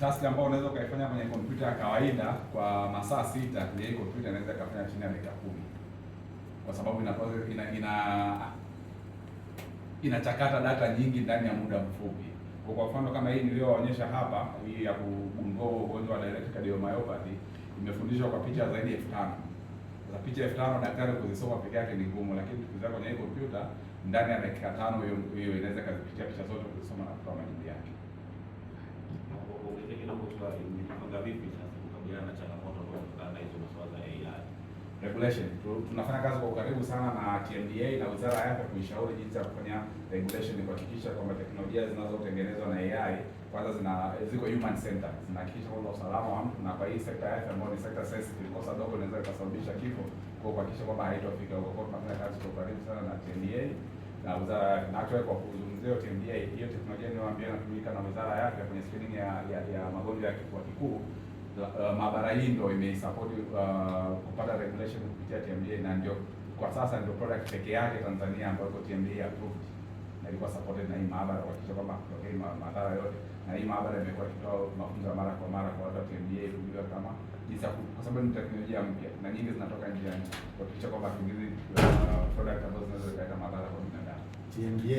task ambayo unaweza ukaifanya kwenye kompyuta ya kawaida kwa masaa sita kwenye hii kompyuta inaweza ikafanya chini ya dakika kumi kwa sababu ina, ina, ina inachakata data nyingi ndani ya muda mfupi. Kwa mfano kama hii niliyoonyesha hapa, hii ya kugundua ugonjwa wa diabetic cardiomyopathy imefundishwa kwa picha zaidi ya elfu tano picha elfu tano daktari kuzisoma peke yake ni ngumu, lakini tukiza kwenye hii kompyuta ndani ya dakika tano hiyo hiyo inaweza kazipitia picha zote kuzisoma na kutoa majibu yake kutwa imejipanga vipi sasa kukabiliana na changamoto ambazo na hizo masuala ya AI regulation. Tunafanya kazi kwa ukaribu sana na TMDA na wizara yake kuishauri jinsi ya kufanya regulation, kuhakikisha kwamba teknolojia zinazotengenezwa na AI kwanza zina ziko human center, zinahakikisha kwamba usalama wa mtu na kwa hii sekta yake ambayo ni sekta sensitive, kosa dogo linaweza kusababisha kifo, kwa kuhakikisha kwamba haitofika huko. Kwa tunafanya kazi kwa ukaribu sana na TMDA na wizara yake, na actually kwa kuzungumzia TMDA hiyo teknolojia ninayowaambia inatumika na wizara yake kwenye screening ya, ya, ya magonjwa ya kifua kikuu. maabara hii ndio imeisupport uh, kupata regulation kupitia TMDA na ndio kwa sasa ndio product pekee yake Tanzania ambayo TMDA approved na ilikuwa supported na hii maabara kuhakikisha kwamba kutokea madhara yote, na hii maabara imekuwa ikitoa mafunzo mara kwa mara kwa watu wa TMDA kujua kama jinsi, kwa sababu ni teknolojia mpya na nyingi zinatoka nje, ya nchi, kuhakikisha kwamba uh, product Bien,